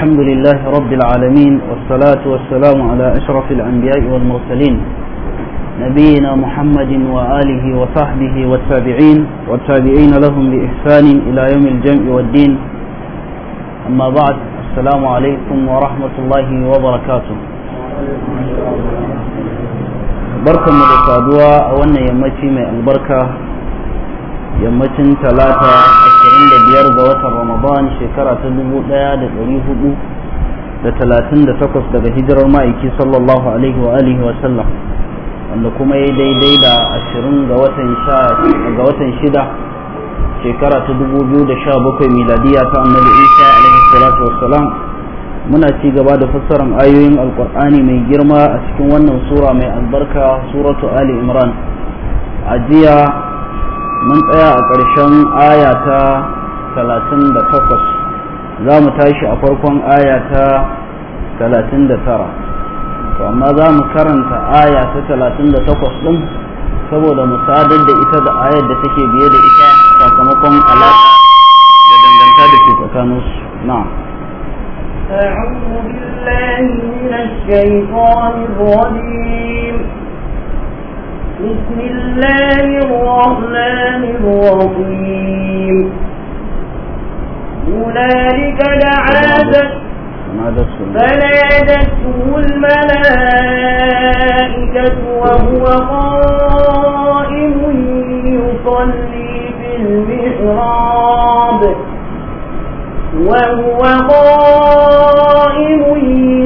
الحمد لله رب العالمين والصلاة والسلام على أشرف الأنبياء والمرسلين نبينا محمد وآله وصحبه والتابعين والتابعين لهم بإحسان إلى يوم الجمع والدين أما بعد السلام عليكم ورحمة الله وبركاته بركة مدسادوة وأن يمتي من البركة yammacin ثلاثة biyar ga watan ramadan shekara ta dubu ɗaya da ɗari hudu da talatin da takwas daga hijirar ma'aiki sallallahu alaihi wa alihi wa sallam wanda kuma ya daidai da ashirin ga watan shida shekara ta dubu biyu da sha bakwai miladiya ta annabi isa alaihi salatu wassalam muna ci gaba da fassarar ayoyin alkur'ani mai girma a cikin wannan sura mai albarka suratu ali imran a jiya mun tsaya a ƙarshen aya ta talatin da takwas za mu tashi a farkon aya ta talatin da tara to amma za mu karanta aya ta talatin da takwas ɗin saboda mu sadar da ita da ayar da take biye da ita sakamakon alaƙa da danganta da ke tsakaninsu na أعوذ بالله من الشيطان الرجيم بسم الله الرحمن الرحيم هنالك دعا فنادته الملائكة وهو قائم يصلي في المحراب وهو قائم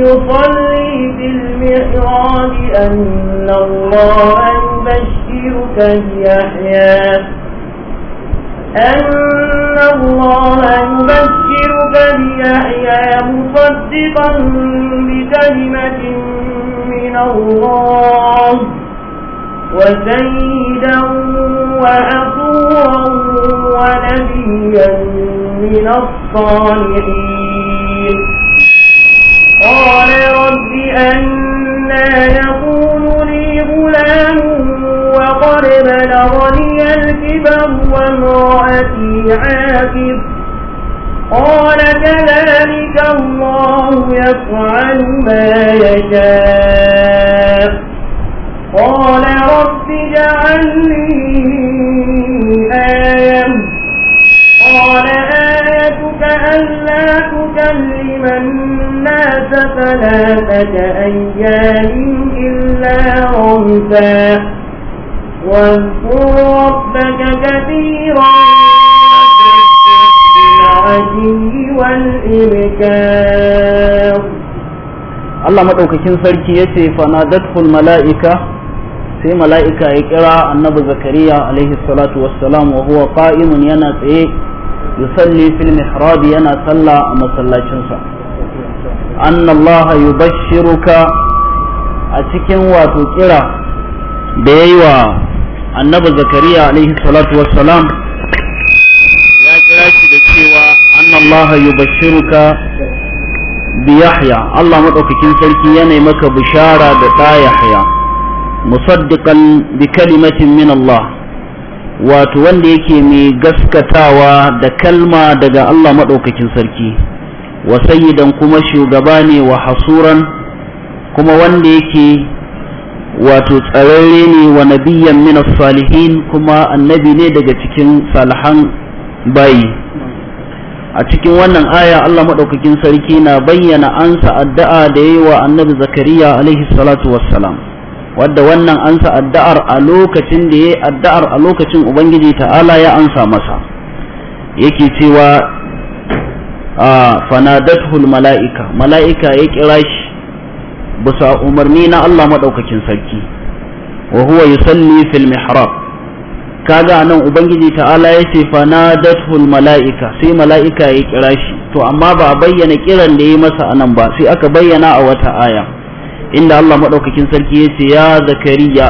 يصلي في المحراب أن الله يبشرك بيحيى أن الله يبشرك بيحيى مصدقا بكلمة من الله وسيدا وأخورا ونبيا من الصالحين قال رب أنا يقول لي غلام بلغني الكبر وامرأتي عاقب قال كذلك الله يفعل ما يشاء قال رب اجعل لي آية قال آيتك ألا تكلم الناس ثلاثة أيام إلا رمزا واذكر ربك كثيرا بالعشي والإبكار الله مدوككين سركي يتي فنادته sai mala'ika ya kira annabi zakariya alaihi salatu wassalam wa huwa qa'imun yana tsaye yusalli fil mihrab yana sallah a masallacinsa anna Allah yubashshiruka a cikin wato kira da yayi wa annabi zakariya alaihi salatu wassalam ya kira shi da cewa annallaha yubashshiruka bi yahya Allah madaukakin sarki yana maka bishara da ta yahya musaddiqan bi kalimatin min Allah wato wanda yake mai gaskatawa da kalma daga Allah madaukakin sarki wa sayyidan kuma shugaba ne wa hasuran kuma wanda yake wato tsararre ne wa nabiyan min salihin kuma annabi ne daga cikin salihan bayi a cikin wannan aya Allah madaukakin sarki na bayyana ansa addu'a da yayi wa annabi zakariya alaihi salatu wassalam wadda wannan ansa addu'ar a lokacin da yayi addu'ar a lokacin ubangiji ta'ala ya ansa masa yake cewa a fanadathul mala'ika mala'ika ya kira shi bisa umarni na Allah maɗaukakin sarki wa huwa yusalli fil mihrab kaga nan ubangiji ta'ala yace fa nadatuhu malaika sai malaika ya kira shi to amma ba a bayyana kiran da yi masa anan ba sai aka bayyana a wata aya inda Allah madaukakin sarki yace ya zakariya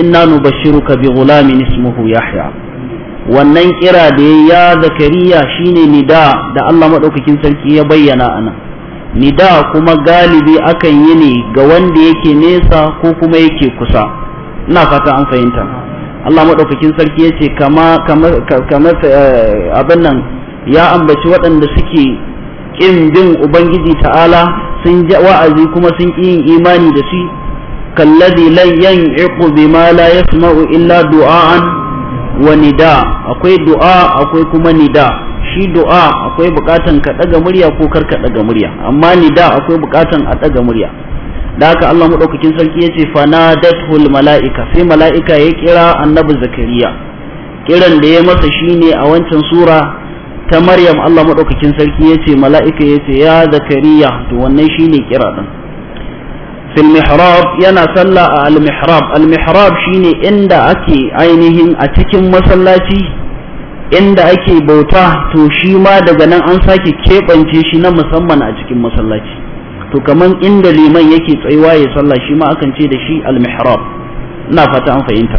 inna nubashshiruka bi ghulamin ismuhu yahya wannan kira da ya zakariya shine nida da Allah madaukakin sarki ya bayyana anan nida kuma galibi akan yi ne ga wanda yake nesa ko kuma yake kusa ina fata an fahimta Allah maɗaukakin sarki ya ce kama kama eh, abin nan ya ambaci waɗanda suke ƙin bin ubangiji ta'ala sun ja wa'azi kuma sun ƙi yin imani da shi kalladi lan yan'iqu bima la yasma'u illa du'a'an wa nida akwai du'a akwai kuma nida shi du'a akwai bukatan ka daga murya ko kar ka daga murya amma ni da akwai bukatan a daga murya da haka Allah madaukakin sarki yace fanadatul malaika sai malaika ya kira annabi zakariya kiran da ya masa shine a wancan sura ta maryam Allah madaukakin sarki yace malaika yace ya zakariya to wannan shine kira din fil mihrab yana sallah a al mihrab al mihrab shine inda ake ainihin a cikin masallaci inda ake bauta to shi ma daga nan an sake keɓance shi na musamman a cikin masallaci to kaman inda liman yake tsayuwa ya sallah shi ma akan ce da shi al ina fata an fahimta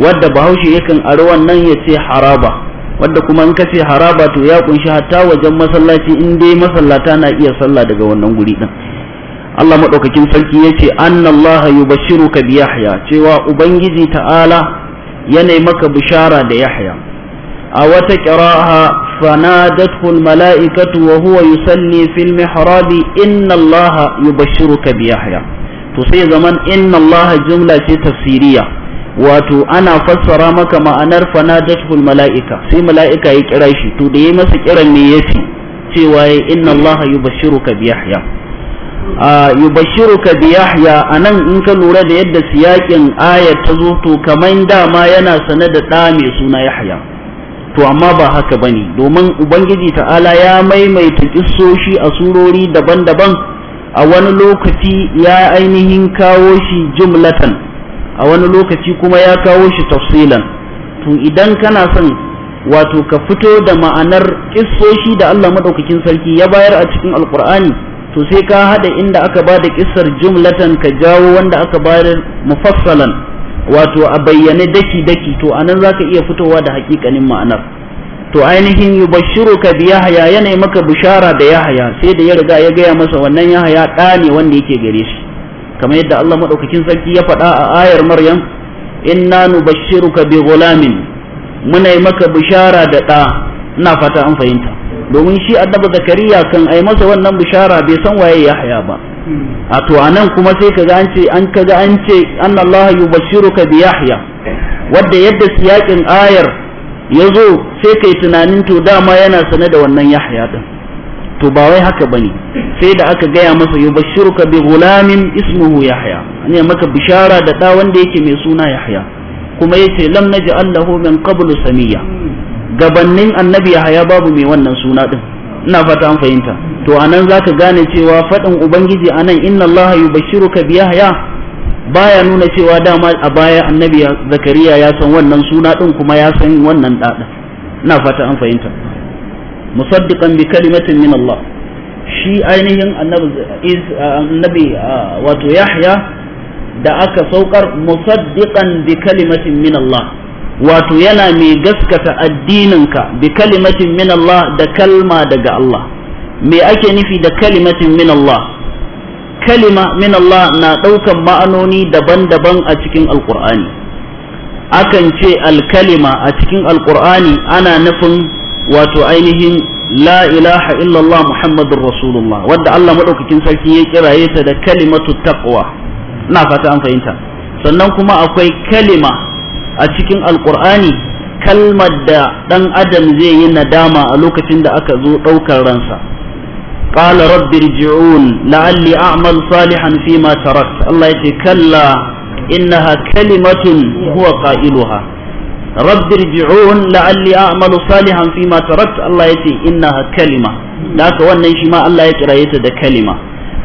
wadda bahaushe yakan aro wannan ya ce haraba wadda kuma in kace haraba to ya kunshi hatta wajen masallaci in dai masallata na iya sallah daga wannan guri din Allah madaukakin sarki yace annallaha yubashiruka bi yahya cewa ubangiji ta'ala yana maka bishara da yahya a wata kiraha fanadatu mala'ikatu wa huwa yusalli fil mihrabi inna allaha yubashshiruka bi yahya to sai zaman inna allaha jumla ce tafsiriya wato ana fassara maka ma'anar fanadatul mala'ika sai mala'ika ya kira shi to da yayi masa kiran me yace cewa ya inna allaha yubashshiruka bi yahya yubashiruka bi yahya anan in ka lura da yadda siyakin ayat ta zo to kaman dama yana sane da ɗa mai suna yahya to amma ba haka bane domin ubangiji ta'ala ya maimaita kissoshi a surori daban-daban a wani lokaci ya ainihin kawo shi jumlatan a wani lokaci kuma ya kawo shi tafsilan to idan kana son wato ka fito da ma'anar kissoshi da Allah madaukakin sarki ya bayar a cikin alkur'ani to sai ka hada inda aka ba da kissar jumlatan ka jawo wanda aka bayar mufassalan wato a bayyane daki daki to anan zaka iya fitowa da hakikanin ma'anar to ainihin yubashshiruka bi yahya yana maka bishara da yahaya sai da ya riga ya gaya masa wannan yahaya ɗa ne wanda yake gare shi kamar yadda Allah madaukakin sarki ya faɗa a ayar maryam inna nubashshiruka bi ghulamin muna maka bishara da ɗa ina fata an fahimta domin shi annabi zakariya kan ai masa wannan bishara bai san waye yahya ba a to anan kuma sai kaga an ce an kaga an ce annallaha yubashiruka bi yahya wanda yadda siyakin ayar yazo sai kai tunanin to dama yana sane da wannan yahya din to ba wai haka bane sai da aka gaya masa yubashiruka bi gulamin ismuhu yahya ne maka bishara da da wanda yake mai suna yahya kuma yace lam naj'al lahu min qablu samiyya gabannin annabi yahaya babu mai wannan suna din ina fata an fahimta to anan zaka gane cewa faɗin ubangiji anan inna allaha yubashshiruka bi yahya baya nuna cewa dama a baya annabi zakariya ya san wannan suna din kuma ya san wannan dada ina fata an fahimta musaddiqan bi kalimatin min Allah shi ainihin annabi wato yahya da aka saukar musaddiqan bi kalimatin min Allah wato yana mai gaskata addininka bi kalimatin min Allah da kalma daga Allah me ake nufi da kalimatin min Allah kalima min Allah na ɗaukan ma'anoni daban-daban a cikin alkur'ani akan ce alkalima a cikin alkur'ani ana nufin wato ainihin la ilaha illallah muhammadur rasulullah wadda Allah maɗaukakin sarki ya kiraye ta da kalimatu taqwa ina fata an fahimta sannan kuma akwai kalima a cikin alkur'ani kalmar da ɗan adam zai yi nadama a lokacin da aka zo ɗaukar ransa qala rabbi irji'un la'alli a'mal salihan fima tarakt Allah ya yace kalla innaha kalimatun huwa qailuha rabbi irji'un la'alli a'malu salihan fima tarakt Allah ya yace innaha kalima da haka wannan shi ma Allah ya kiraye ta da kalima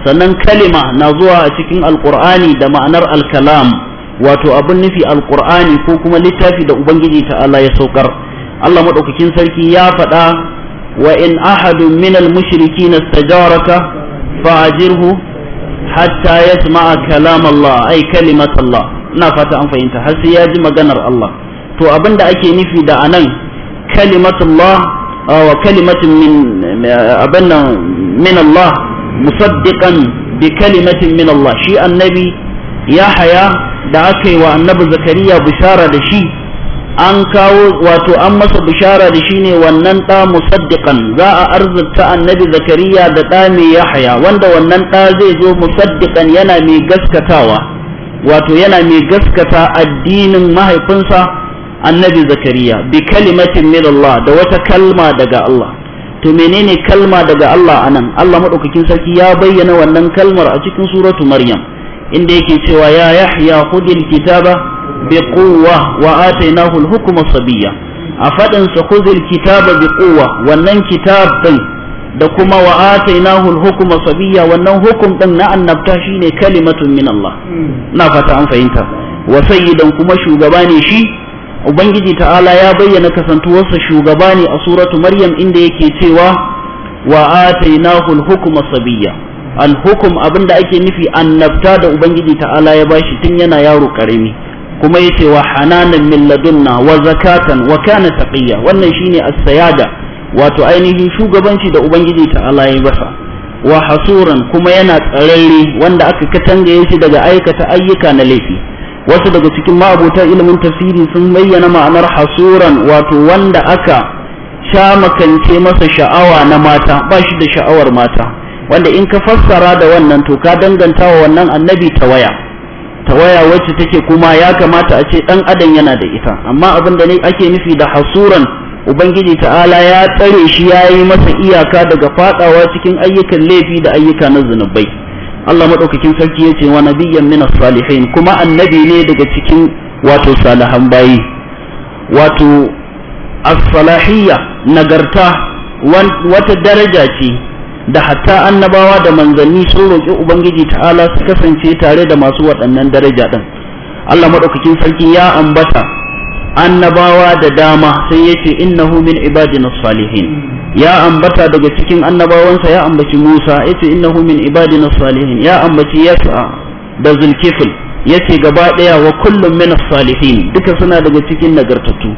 sannan kalima na zuwa a cikin alkur'ani da ma'anar alkalam wato abun nufi alkur'ani ko kuma littafi da ubangiji allah ya saukar Allah madaukakin sarki ya faɗa wa in ahadun min al-mushrikin istajaraka fa'ajirhu hatta yasma'a kalam Allah ay kalimat Allah ina fata an fahimta har sai ya ji maganar Allah to abin da ake nufi da anan kalimatullah wa kalimatin min abanna min Allah musaddiqan bi kalimatin min Allah shi annabi ya haya da aka yi wa annabi zakariya bishara da shi an kawo wato an masa bishara da shi ne wannan ɗa musaddiƙan za a arzikta annabi zakariya da ɗa mai yahaya wanda wannan ɗa zai zo musaddiƙan yana mai gaskatawa wato yana mai gaskata addinin mahaifinsa annabi zakariya bi kalimatin min Allah da wata kalma daga Allah to menene kalma daga Allah anan Allah madaukakin sarki ya bayyana wannan kalmar a cikin suratu maryam inda yake cewa ya yahya hudil kitaba bi quwwa wa atainahu al-hukma sabiyya a fadin sa khudil kitaba bi quwwa wannan kitab din da kuma wa atainahu al-hukma sabiyya wannan hukum din na annabta shine kalimatun min Allah na fata an fahimta wa sayyidan kuma shugaba ne shi ubangiji ta'ala ya bayyana kasantuwarsa shugaba ne a suratu maryam inda yake cewa wa atainahu al-hukma sabiyya alhukum abin da ake nufi annabta da ubangiji ta'ala ya bashi tun yana yaro karami kuma yace wa hananan min ladunna wa zakatan wa kana taqiyya wannan shine as-sayada wato ainihin shugabanci da ubangiji ta'ala ya basa wa hasuran kuma yana tsararre wanda aka katangaye shi daga aikata ayyuka na laifi wasu daga cikin ma'abuta ilimin tafsiri sun bayyana ma'anar hasuran wato wanda aka sha makance masa sha'awa na mata ba shi da sha'awar mata wanda in ka fassara da wannan to ka danganta wa wannan annabi ta waya ta waya wacce take kuma ya kamata a ce dan adam yana da ita amma abin da ake nufi da hasuran ubangiji ta'ala ya tsare shi ya yi masa iyaka daga fadawa cikin ayyukan laifi da ayyuka na zunubai Allah madaukakin sarki ya ce wa nabiyyan min salihin kuma annabi ne daga cikin wato salihan bayi wato as-salahiyya nagarta wata daraja ce da hatta annabawa da manzanni sun roƙi ubangiji ta'ala su kasance tare da masu waɗannan daraja ɗin Allah maɗaukakin sarki ya ambata annabawa da dama sai ya ce innahu min ibadina salihin ya ambata daga cikin annabawansa ya ambaci Musa ya ce innahu min ibadina salihin ya ambaci Yasa da Zulkifl ya ce gaba ɗaya wa kullum min salihin duka suna daga cikin nagartattu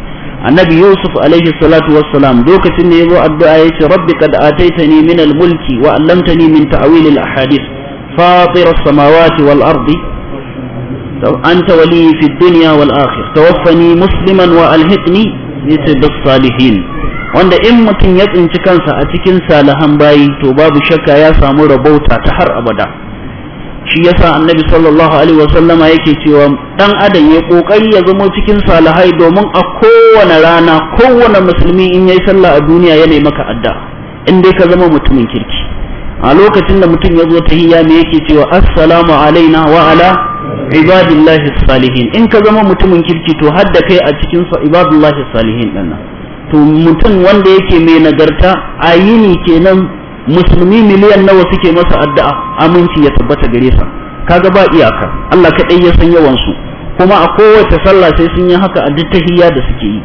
النبي يوسف عليه الصلاة والسلام دوكة النبو الدعاية ربي قد آتيتني من الملك وألمتني من تأويل الأحاديث فاطر السماوات والأرض أنت ولي في الدنيا والآخر توفني مسلما وألهتني يتب الصالحين wanda in mutum ya tsinci kansa a cikin salihan bayi to babu shakka ya shi yasa annabi sallallahu alaihi wasallama yake cewa dan adam ya kokari ya zama cikin salihai domin a kowane rana kowane musulmi in yayi sallah a duniya ya yana maka adda in dai ka zama mutumin kirki a lokacin da mutum ya zo tahiyya me yake cewa assalamu alaina wa ala ibadillahi salihin in ka zama mutumin kirki to hadda kai a cikin ibadillahi salihin dinnan to mutum wanda yake mai nagarta ayini kenan musulmi miliyan nawa suke masa addu'a aminci ya tabbata gare sa kaga ba iyaka Allah kaɗai ya san yawan su kuma a kowace sallah sai sun yi haka a duk tahiyya da suke yi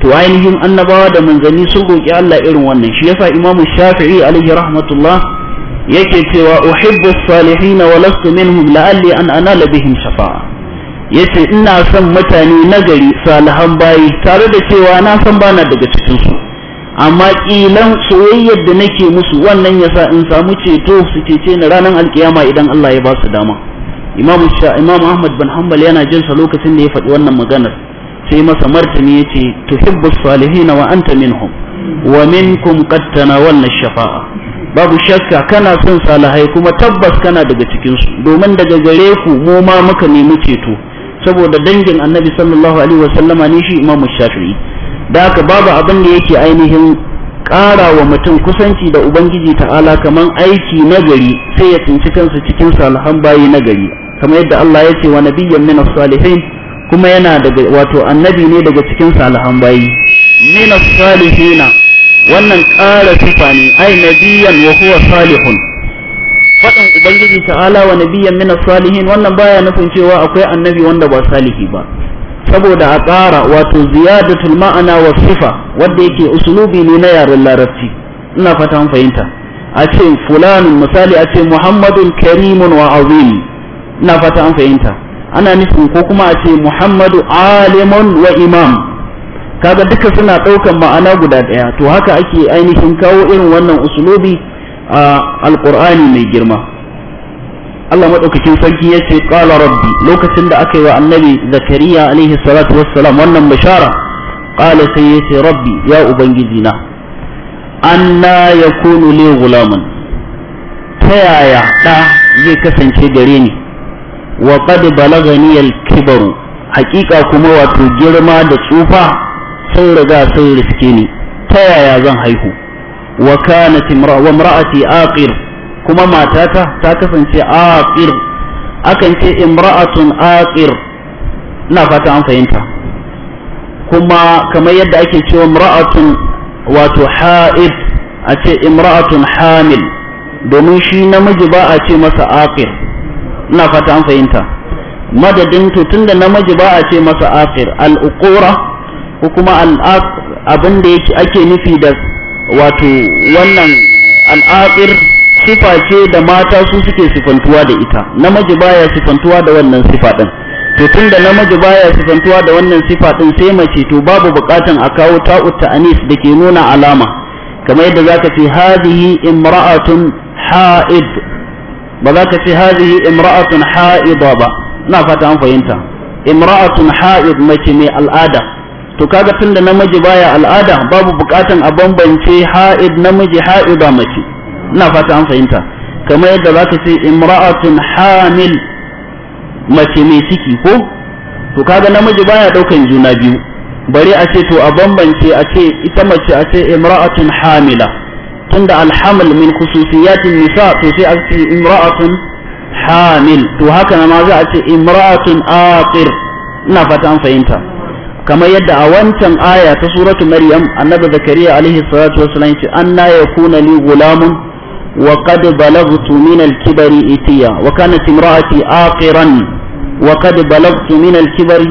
to ainihin annabawa da manzanni sun roki Allah irin wannan shi yasa Imam Shafi'i alaihi rahmatullah yake cewa uhibbu salihin wa lastu minhum la'alli an anala bihim shafa'a yace ina son mutane nagari salihan bayi tare da cewa na san bana daga cikin su amma ƙilan soyayyar da nake musu wannan yasa in samu ceto su cece ni ranar alkiyama idan Allah ya ba su dama imamu imam ahmad bin hanbal yana jin sa lokacin da ya faɗi wannan maganar sai masa martani yace tuhibbu salihin wa anta minhum wa minkum qad tanawalna shafa'a babu shakka kana son salihai kuma tabbas kana daga cikin su domin daga gare ku mu ma muka nemi ceto saboda dangin annabi sallallahu alaihi wasallama ne shi imamu shafi'i da haka babu abin da yake ainihin ƙara wa mutum kusanci da ubangiji ta'ala kaman aiki nagari sai ya tsinci kansa cikin salihan bayi nagari kamar yadda Allah ya ce wa nabiyyan min salihin kuma yana daga wato annabi ne daga cikin salihan bayi min salihin wannan ƙara sifa ne ai nabiyyan wa huwa salihun faɗin ubangiji ta'ala wa nabiyyan min salihin wannan baya nufin cewa akwai annabi wanda ba salihi ba saboda a tsara wato ziyadatul ma'ana wa sifa wanda yake usulubi ne na yaren larabci ina fatan fahimta a ce fulanin misali a ce muhammadun karimun wa azim ina fata an fahimta ana nufin ko kuma a ce muhammadu alimun wa imam kaga duka suna ɗaukan ma'ana guda ɗaya to haka ake ainihin kawo irin wannan usulubi a alƙur'ani mai girma Allah madaukakin sarki yace qala rabbi lokacin da aka yi wa annabi zakariya alaihi salatu wassalam wannan bashara qala sai yace rabbi ya ubangiji na anna yakunu li ghulamun ta yaya da zai kasance gare ni wa qad balagani al-kibaru Hakika kuma wato girma da tsufa sun riga sun riske ni ta yaya zan haihu wa kanat imra'ati aqir kuma matata ta kasance aqir akan ce imra'atun aqir ina fata an fahimta kuma kamar yadda ake cewa imra'atun wato ha'id a ce imra'atun hamil domin shi namiji ba a ce masa aqir ina fata an fahimta madadin to tunda namiji ba a ce masa aqir al-uqura ko kuma al-aq abin da yake ake nufi da wato wannan al-aqir sifa ce da mata su suke sifantuwa da ita namiji baya sifantuwa da wannan sifa din to tunda namiji baya sifantuwa da wannan sifa din sai mace to babu bukatan a kawo ta'ut ta'anis da ke nuna alama kamar yadda zaka ce hadhihi imra'atun ha'id ba za ka ce hadhihi imra'atun ha'ida ba ina fata an fahimta imra'atun ha'id mace mai al'ada to kaga tunda namiji baya al'ada babu bukatan a bambance ha'id namiji ha'ida mace ina fata an fahimta kamar yadda za ka ce imra'atun hamil mace mai ciki ko to kaga namiji baya daukan juna biyu bari a ce to a bambance a ce ita mace a ce imra'atun hamila tunda alhamal min khususiyatin nisa to sai a ce imra'atun hamil to haka ma za a ce imra'atun aqir ina fata an fahimta kamar yadda a wancan aya ta suratu maryam annabi zakariya alaihi salatu wasallam ce anna yakuna li gulamun وقد بلغت من الكبر إتيا وكانت امرأتي آقرا وقد بلغت من الكبر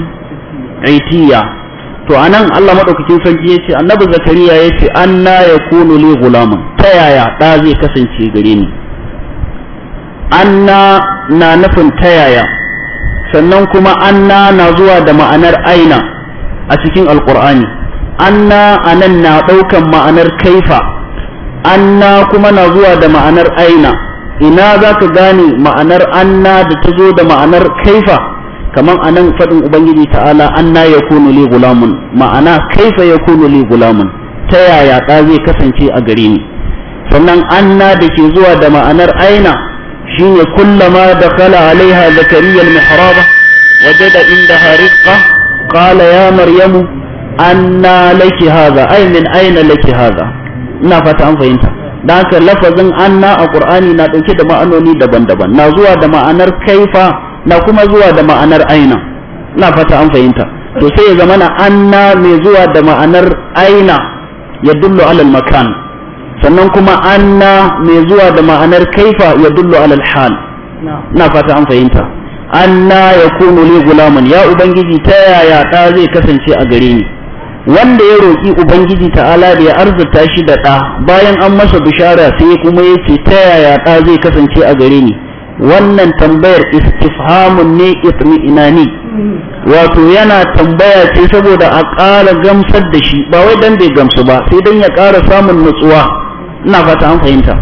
عتيا to anan Allah madaukakin sarki yace annabi zakariya yace anna yakunu li gulamun ta yaya da zai kasance gare ni anna na nufin ta yaya sannan kuma anna na zuwa da ma'anar aina a cikin Alƙur'ani. anna anan na ɗaukan ma'anar kaifa anna kuma na zuwa da ma'anar aina ina za ka gane ma'anar anna da ta zo da ma'anar kaifa kaman anan faɗin ubangiji ta'ala anna ya kunu li gulamun ma'ana kaifa ya kunu li gulamun ta yaya ɗa zai kasance a gare ni sannan anna da ke zuwa da ma'anar aina shine kullama da kala alaiha zakariya al-mihraba da inda harifka Kala ya maryamu anna laki haza ay min aina laki haza. ina fata an fahimta da haka lafazin anna a qur'ani na dauke da ma'anoni daban-daban na zuwa da ma'anar kaifa na kuma zuwa da ma'anar aina ina fata an fahimta to sai ya zamana anna mai zuwa da ma'anar aina ya dullo alal makan sannan kuma anna mai zuwa da ma'anar kaifa ya dullo alal hal ina fata an fahimta anna kunu li gulamun ya ubangiji ta yaya ta zai kasance a gare ni wanda ya roƙi ubangiji ta'ala da ya arzuta shi da ɗa bayan an masa bishara sai kuma ya ce ta yaya ɗa zai kasance a gare ni wannan tambayar istifhamun ne itmi'inani wato yana tambaya ce saboda a ƙara gamsar da shi ba wai dan bai gamsu ba sai dan ya ƙara samun nutsuwa ina fata an fahimta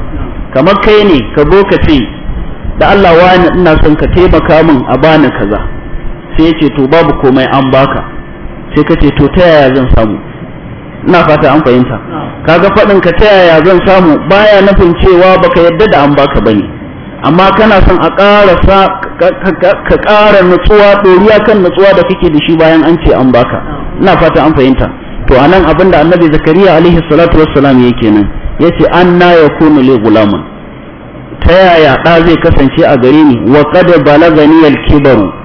kamar kai ne ka zo ka ce da Allah wani ina son ka taimaka min a bani kaza sai ya ce to babu komai an baka sai ka to ta yaya zan samu ina fata an fahimta kaga faɗin ka ta yaya zan samu baya nufin cewa baka yadda da an baka bane amma kana son a ƙara ka ƙara nutsuwa ɗoriya kan nutsuwa da kake da shi bayan an ce an baka ina fata an fahimta to anan abinda annabi zakariya alaihi salatu wassalam yake nan yace anna yakunu li gulamun ta yaya ɗa zai kasance a gare ni wa qad balagani al-kibaru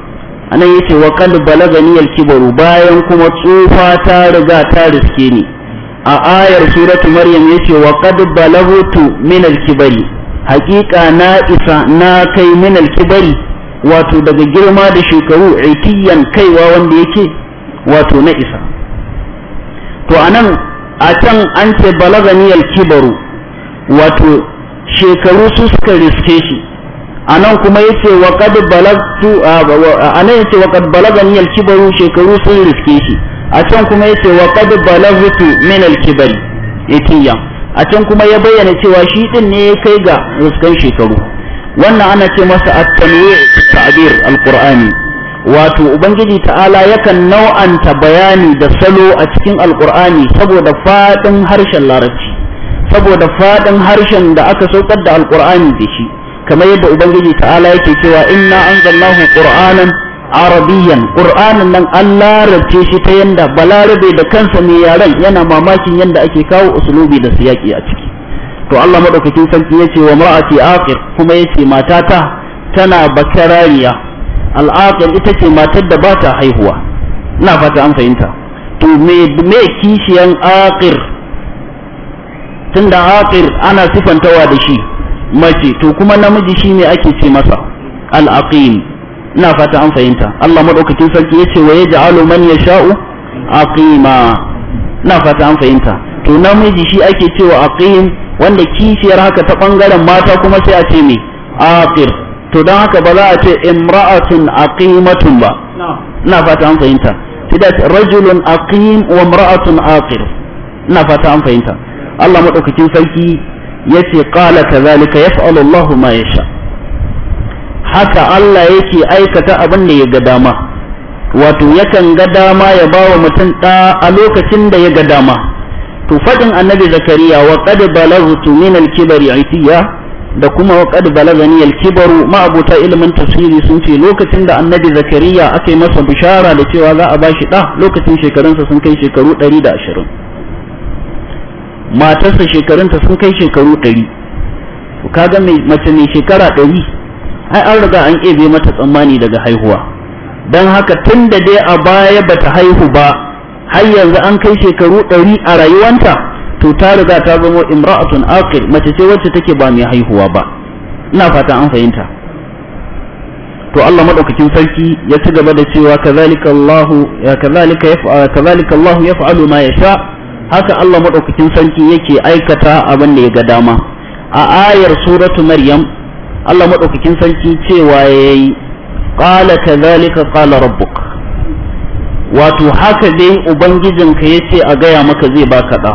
anan yace wa qad balagani al-kibaru bayan kuma tsufa ta riga ta riske ni a ayar suratu maryam yace wa qad balagutu min al-kibari haqiqa na isa na kai min al-kibari wato daga girma da shekaru itiyan kaiwa wanda yake wato na isa to anan a can an ce balagani al-kibaru wato shekaru su suka riske shi anan kuma yace wa qad balagtu anan yace wa qad balagani al-kibaru shekaru sun riske shi a can kuma yace wa qad balagtu min al-kibari yatiya a can kuma ya bayyana cewa shi din ne ya kai ga riskan shekaru wannan ana ce masa at-tanwi' ta'bir al-qur'ani wato ubangiji ta'ala yakan nau'anta bayani da salo a cikin alqur'ani saboda fadin harshen larabci saboda fadin harshen da aka saukar da alqur'ani da shi kamar yadda ubangiji ta'ala yake cewa inna anzalnahu qur'anan arabiyan qur'anin nan an larabce shi ta yanda balarabe da kansa mai yaren yana mamakin yanda ake kawo usulubi da siyaki a ciki to Allah madaukakin sarki yace wa mar'ati aqir kuma yace matata tana bakarariya al ita ce matar da ba ta haihuwa ina fata an fahimta to me me kishiyan aqir tunda aqir ana sifantawa da shi mace to kuma namiji shine ake ce masa al-aqim ina fata an fahimta Allah madaukakin sarki yace wa yaj'alu man yasha'u aqima ina fata an fahimta to namiji shi ake cewa aqim wanda kishiyar haka ta bangaren mata kuma sai a ce me aqir to dan haka ba za a ce imra'atun aqimatun ba ina fata an fahimta sai rajulun aqim wa imra'atun aqir ina fata an fahimta Allah madaukakin sarki yace qala ya yaf'alu Allahu ma yasha haka Allah yake aikata abin da ya ga dama wato yakan ga dama ya bawa mutum da a lokacin da ya ga dama to annabi zakariya wa qad balaghtu min al-kibri itiya da kuma wa qad balagani al-kibru ma abuta ilmin tafsiri sun ce lokacin da annabi zakariya aka yi masa bishara da cewa za a bashi da lokacin shekarunsa sun kai shekaru 120 matarsa shekarunta sun kai shekaru ɗari kaga mace mai shekara ɗari ai an riga an ƙebe mata tsammani daga haihuwa don haka tun da dai a baya bata haihu ba har yanzu an kai shekaru ɗari a rayuwanta to ta riga ta zama imra'atun aqil mace ce wacce take ba mai haihuwa ba ina fata an fahimta to Allah madaukakin sarki ya ci gaba da cewa kazalika Allahu kazalika yaf'alu ma yasha' haka Allah madaukakin sarki yake aikata abin da ya ga dama a ayar suratu maryam Allah madaukakin sarki cewa yayi qala kadhalika qala rabbuk wato haka dai ubangijinka yace a gaya maka zai baka da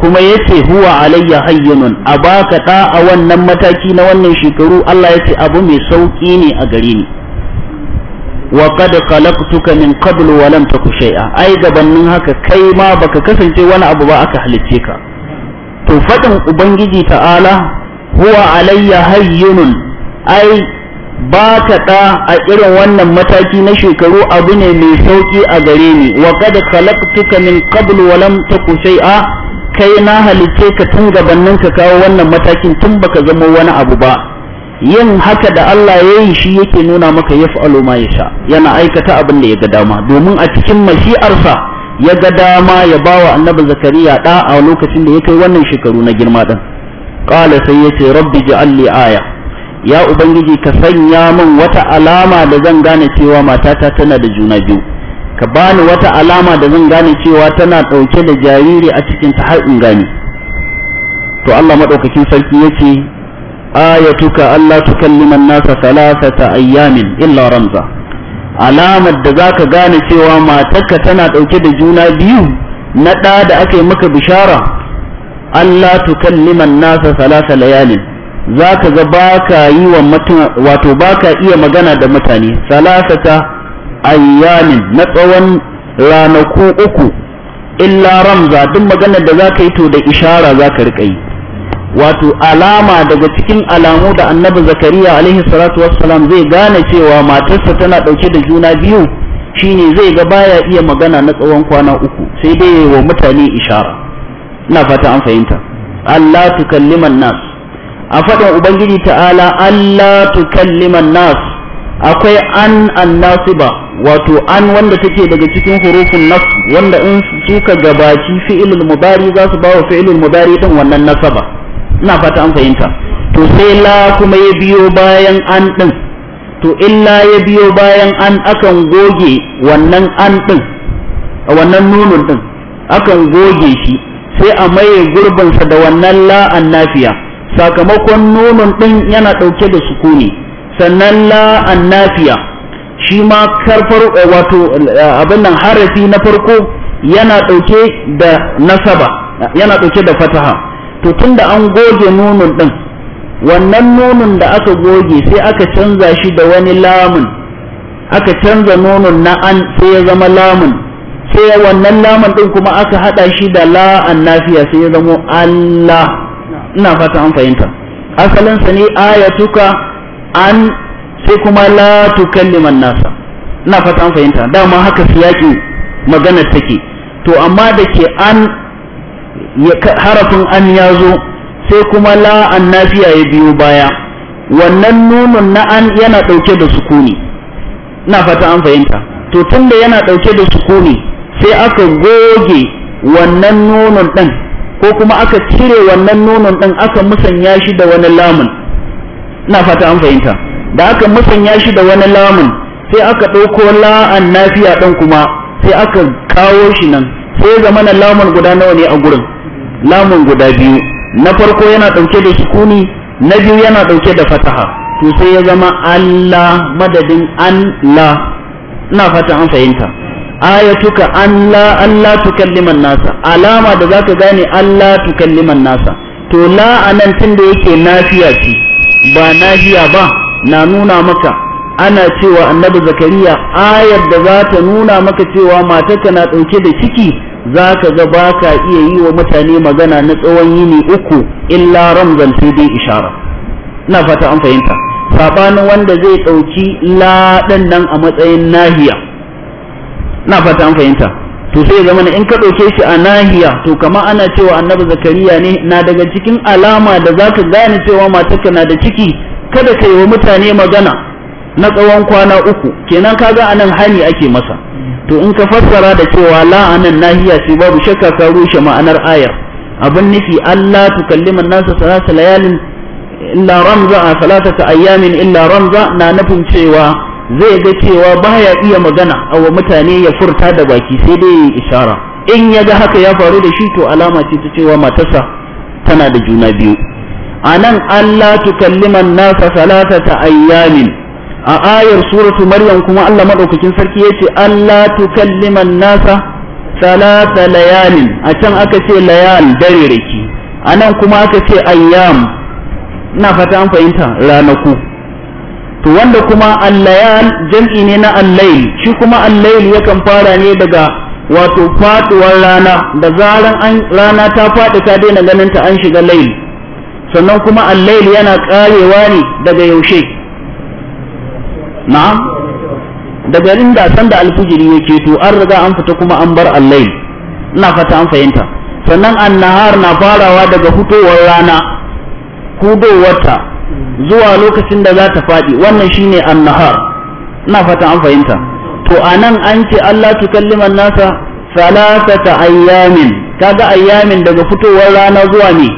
kuma yace huwa alayya hayyinun a baka da a wannan mataki na wannan shekaru Allah yace abu mai sauki ne a gare ni wa qad khalaqtuka min qabl wa lam taku shay'a ai gabanin haka kai ma baka kasance wani abu ba aka halicce ka to fadin ubangiji ta'ala huwa alayya hayyunun ai ba ta da a irin wannan mataki na shekaru abu ne mai sauki a gare ni wa qad khalaqtuka min qabl wa lam taku shay'a kai na halicce ka tun gabanin ka kawo wannan matakin tun baka zama wani abu ba yin haka da Allah ya yi shi yake nuna maka ya fa'alo ma ya sha yana aikata abin da ya ga dama domin a cikin mashi'arsa ya ga dama ya ba wa annabi zakariya ɗa a lokacin da ya kai wannan shekaru na girma ɗin ƙala sai ya ce rabbi Alli aya ya ubangiji ka sanya min wata alama da zan gane cewa matata tana da juna biyu ka bani wata alama da zan gane cewa tana ɗauke da jariri a cikin ta har in gane to Allah maɗaukakin sarki ya ce ayatuka Allah tukalliman nasa thalathata ayyamin illa ramza alamar da zaka gane cewa matarka tana dauke da juna biyu na ɗa da aka yi maka bishara Allah tukalliman nasa salasa layalin zaka ga baka yi wa mutum wato baka iya magana da mutane salasata ayyamin na tsawon ranaku uku illa ramza duk maganar da zaka yi to da ishara zaka rika yi wato alama daga cikin alamu da annabi zakariya alaihi salatu wassalam zai gane cewa matarsa tana dauke da juna biyu shine zai ga baya iya magana na tsawon kwana uku sai dai wa mutane ishara ina fata an fahimta Allah tukalliman nas a faɗin ubangiji ta'ala Allah tukalliman nas akwai an annasiba wato an wanda take daga cikin hurufin nas wanda in suka gabaci fi'ilul mudari za su ba wa fi'ilul mudari din wannan nasaba ina fata an fahimta to sai la kuma ya biyo bayan an ɗin to illa ya biyo bayan an akan goge wannan an ɗin wannan nunun ɗin akan goge shi sai a maye gurbinsa da wannan la an nafiya sakamakon nunun ɗin yana ɗauke da sukuni sannan la an nafiya shi ma karfar eh, wato eh, abin nan harafi na farko yana ɗauke da nasaba yana ɗauke da fataha to tun da an goge nunun din wannan nunun da aka goge sai aka canza shi da wani lamun aka canza nunun na an sai ya zama lamun sai wannan lamun din kuma aka hada shi da la nafiya sai ya zama Allah ina fata an fahimta asalin sa ne ayatuka an sai kuma la tukalliman nasa ina fata an fahimta dama haka siyaki maganar take to amma da ke an harafin an ya zo sai kuma la an nafiya ya biyo baya wannan nunun na an yana ɗauke da sukuni na fata an fahimta to tunda yana ɗauke da sukuni sai aka goge wannan nunun ɗin ko kuma aka cire wannan nunun ɗin aka musanya shi da wani lamun na fata an fahimta da aka musanya shi da wani lamun sai aka ɗauko la an nafiya ɗin kuma sai aka kawo shi nan sai zama lamun guda nawa ne a gurin lamun guda biyu na farko yana ɗauke da sukuni na biyu yana ɗauke da fataha to sai ya zama Allah madadin Allah ina fata an fahimta ayatuka Allah Allah tukalliman nasa alama da zaka gane Allah tukalliman nasa to la anan tunda yake nafiya ce ba nafiya ba na nuna maka ana cewa annabi zakariya ayar da za ta nuna maka cewa matarka na ɗauke da ciki za ka ga ba ka iya yi wa mutane magana na tsawon yini uku illa ramzan sai dai ishara ina fata an fahimta sabanin wanda zai ɗauki laɗin nan a matsayin nahiya ina fata an fahimta to sai zama in ka ɗauke shi a nahiya to kama ana cewa annabi zakariya ne na daga cikin alama da za ka gane cewa matarka na da ciki kada ka yi wa mutane magana na tsawon kwana uku kenan ka ga anan hani ake masa to in ka fassara da cewa la'anan nahiya ce babu shakka ka rushe ma'anar ayar abin nufi Allah tukallima nasa salasa layalin illa ramza a salatata ayyamin illa ramza na nufin cewa zai ga cewa baya iya magana wa mutane ya furta da baki sai dai ya ishara in ya ga haka ya faru da shi to alama ce ta cewa matarsa tana da juna biyu anan Allah tukalliman nasa salatata ayyamin a ayar suratu maryam kuma Allah madaukakin sarki yace Allah kalliman nasa salata layalin a can aka ce layal dare reki anan kuma aka ce ayyam ina fata an fahimta ranaku to wanda kuma al-layal jam'i ne na al shi kuma al yakan fara ne daga wato faduwar rana da zaran an rana ta fadi ta daina ganin ta an shiga layl sannan kuma al yana karewa ne daga yaushe na'am da garin da san da alfujiri ya to an riga an fita kuma an bar allail ina fata an fahimta sannan annahar na farawa daga fitowar rana hudowarta zuwa lokacin da za ta faɗi wannan shine annahar ina fata an fahimta to anan an ce Allah tukalliman nasa salasata ayyamin kaga ayyamin daga fitowar rana zuwa ne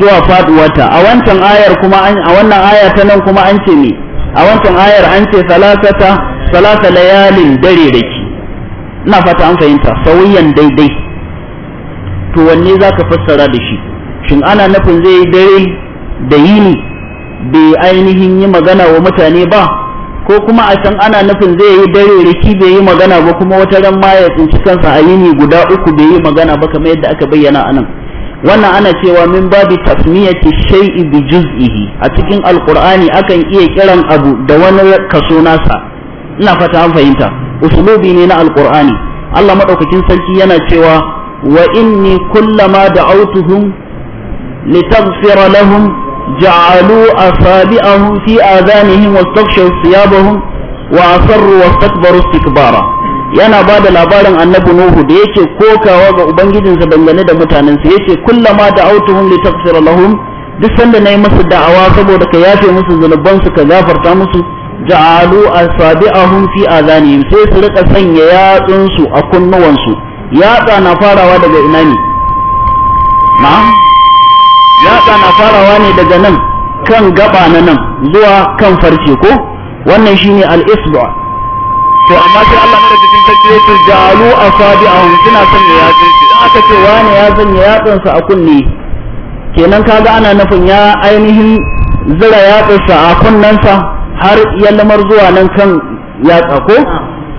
zuwa faduwarta a wancan ayar kuma a wannan aya ta nan kuma an ce ne a wancan ayar an ce salasata salasa layalin dare da ki ina fata an fahimta sauyan daidai to wanne za ka fassara da shi shin ana nufin zai yi dare da yini bai ainihin yi magana wa mutane ba ko kuma a can ana nufin zai yi dare da ki bai yi magana ba kuma wata ran ma ya tsinci kansa a yini guda uku bai yi magana ba kamar yadda aka bayyana anan wannan ana cewa min babi tasmiyati shay'i bi juz'ihi a cikin alqur'ani akan iya kiran abu da wani kaso nasa ina fata an fahimta uslubi ne na alqur'ani Allah madaukakin sarki yana cewa wa inni kullama da'awtuhum litaghfira lahum ja'alu asabi'ahum fi adhanihim wastaghshaw thiyabahum wa asarru wastakbaru istikbara yana ba da labarin annabi nuhu da yake kokawa ga ubangijinsa dangane da mutanensa yace kullama da autuhum li taghfir lahum duk sanda na yi musu da'awa saboda ka yafe musu zunubansu ka gafarta musu ja'alu asabi'ahum a azanihim sai su rika sanya yatsunsu a kunnuwansu yatsa na farawa daga ina ne na'am yatsa na farawa ne daga nan kan gaba na nan zuwa kan farce ko wannan shine al-isba' to amma sai Allah da cikin sarki ya ce jalu suna sanya yatsun shi aka ce wani ya sanya a kunne kenan kaga ana nufin ya ainihin zira yatsunsa a kunnen har ya lamar zuwa nan kan yatsa ko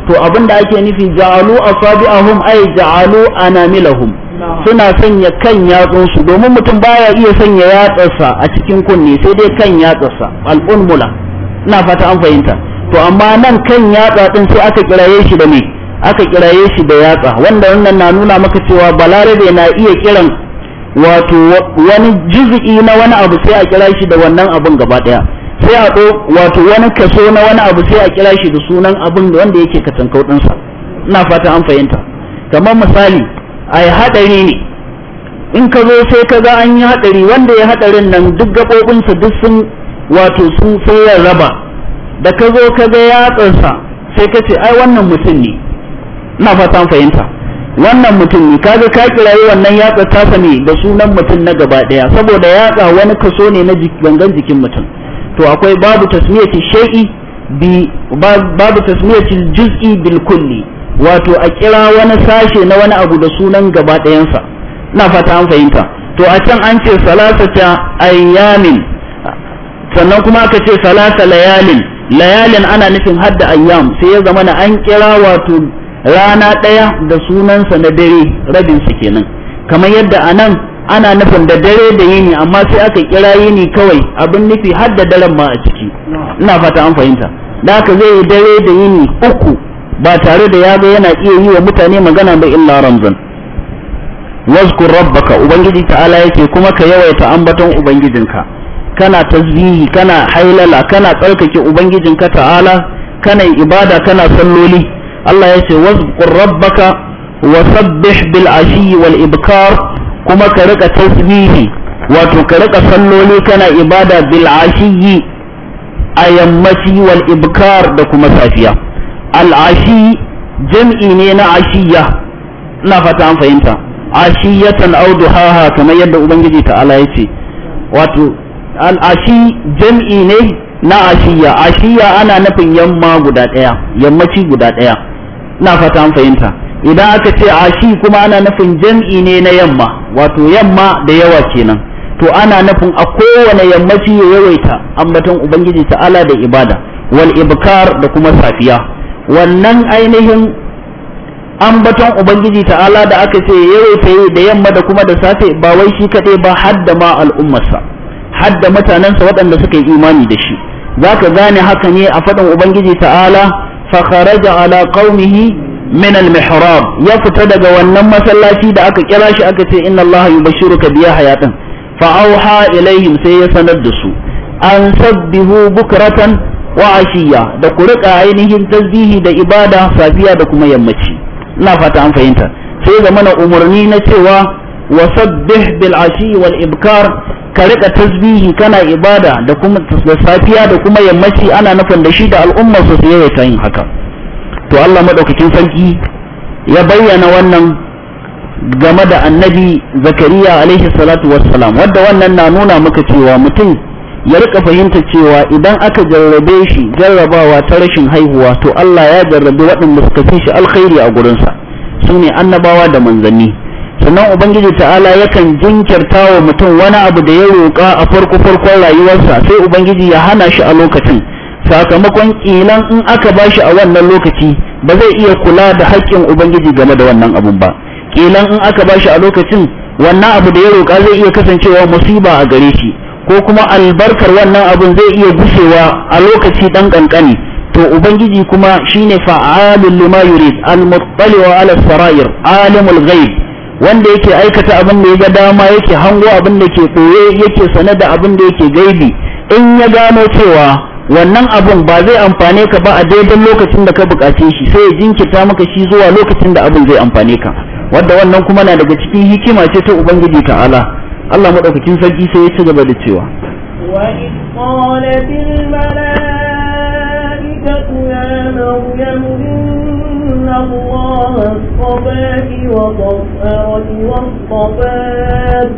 to abin da ake nufi jalu hun ai jalu anamilahum suna sanya kan yatsunsu domin mutum baya iya sanya yatsarsa a cikin kunne sai dai kan yatsarsa al'ulmula ina fata an fahimta to amma nan kan yatsa din sai aka kiraye shi da me aka kiraye shi da yatsa wanda wannan na nuna maka cewa balarabe na iya kiran wato wani juzu'i na wani abu sai a kira shi da wannan abun gaba daya sai a ko wato wani kaso na wani abu sai a kira shi da sunan da wanda yake katankau ɗinsa ina fata an fahimta kamar misali a yi haɗari ne in ka zo sai ka ga an yi haɗari wanda ya hadarin nan duk gaɓoɓinsa duk sun wato sun sai raba da ka zo ka ga yatsansa, sai ka ce ai wannan mutum ne na fatan fahimta wannan mutum ne kaga ka kirayi wannan yatsa tasa ne da sunan mutum na gaba daya saboda yatsa wani kaso ne na gangan jikin mutum to akwai babu tasmiyati shay'i bi babu tasmiyati juz'i bil kulli wato a kira wani sashe na wani abu da sunan gaba dayansa na fata an fahimta to a can an ce salasata ayyamin sannan kuma aka ce salasa layalin layalin ana nufin hadda ayyam sai ya zama na an kira wato rana ɗaya da sunansa na dare rabin su kenan kamar yadda a nan ana nufin da dare da yini amma sai aka kira yini kawai abin nufi har da daren ma a ciki ina fata an fahimta da haka zai yi dare da yini uku ba tare da ya yana iya yi wa mutane magana ba illa ramzan wazkur rabbaka ubangiji ta'ala yake kuma ka yawaita ambaton ubangijinka kana tasbihi kana hailala kana tsarkake ubangijinka ta'ala kana ibada kana salloli Allah ya ce wazkur rabbaka wa sabbih bil ashi wal ibkar kuma ka rika tasbihi wato ka rika salloli kana ibada bil ashi a yammaci wal ibkar da kuma safiya al ashi jam'i ne na ashiya ina fata an fahimta ashiyatan audu duhaha kamar yadda ubangiji ta'ala ya ce wato al'ashi jam'i ne na ashiya ashiya ana nufin yamma guda ɗaya yammaci guda ɗaya na fata an fahimta idan aka ce ashi kuma ana nufin jam'i ne na yamma wato yamma da yawa kenan to ana nufin a kowane yammaci ya yawaita ambaton ubangiji ta'ala da ibada wal ibkar da kuma safiya wannan ainihin ambaton ubangiji ta'ala da aka ce yawaita yi da yamma da kuma da safe ba wai shi kaɗai ba har da ma al'ummarsa hadda mutanensa waɗanda suka yi imani da shi zaka gane haka ne a faɗin ubangiji ta'ala fa kharaja ala qaumihi min al mihrab ya fita daga wannan masallaci da aka kira shi aka ce inna allaha yubashiruka bi yahya din fa auha ilaihim sai ya sanar da su an sabbihu bukratan wa ashiya da ku ainihin tasbihi da ibada safiya da kuma yammaci ina fata an fahimta sai zamana umarni na cewa wa sabbih bil ashi wal ibkar ka rika tasbihi kana ibada da kuma da safiya da kuma yammaci ana nufin da shi da al'ummar su sai ya yin haka to Allah madaukakin sarki ya bayyana wannan game da annabi zakariya alaihi salatu wassalam wadda wannan na nuna maka cewa mutum ya rika fahimta cewa idan aka jarrabe shi jarrabawa ta rashin haihuwa to Allah ya jarrabe waɗanda suka fi shi alkhairi a gurinsa su ne annabawa da manzanni sannan ubangiji ta'ala yakan jinkirta wa mutum wani abu da ya roƙa a farko farkon rayuwarsa sai ubangiji ya hana shi a lokacin sakamakon ƙilan in aka ba shi a wannan lokaci ba zai iya kula da haƙƙin ubangiji game da wannan abun ba Ƙilan in aka ba shi a lokacin wannan abu da ya roƙa zai iya kasancewa musiba a gare shi ko kuma albarkar wannan abun zai iya gusewa a lokaci ɗan ƙanƙani to ubangiji kuma shine fa'alul lima yurid al-muttali wa ala sarair alimul ghaib wanda yake aikata abin da ya ga dama yake hango abin da ke ɓoye yake sane da abin da yake gaibi in ya gano cewa wannan abin ba zai amfane ka ba a daidai lokacin da ka buƙace shi sai ya jinkirta maka shi zuwa lokacin da abin zai amfane ka wanda wannan kuma na daga cikin hikima ce ta ubangiji ta'ala Allah madaukakin sarki sai ya ci gaba da cewa وإذ قالت الملائكة يا مريم إن الله والصفاء والطهرة والصفاء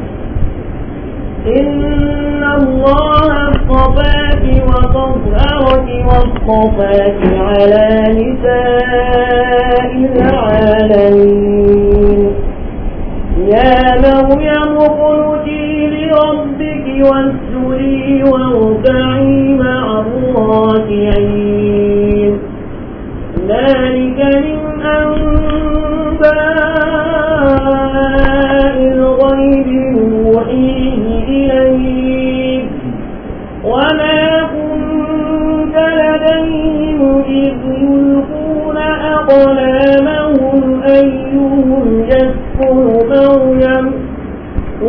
إن الله اصطفاك وطهرك واصطفاك على نساء العالمين يا مريم اقنتي لربك واسجري واركعي مع الراكعين ذلك من ظلامهم أيهم يذكر مريم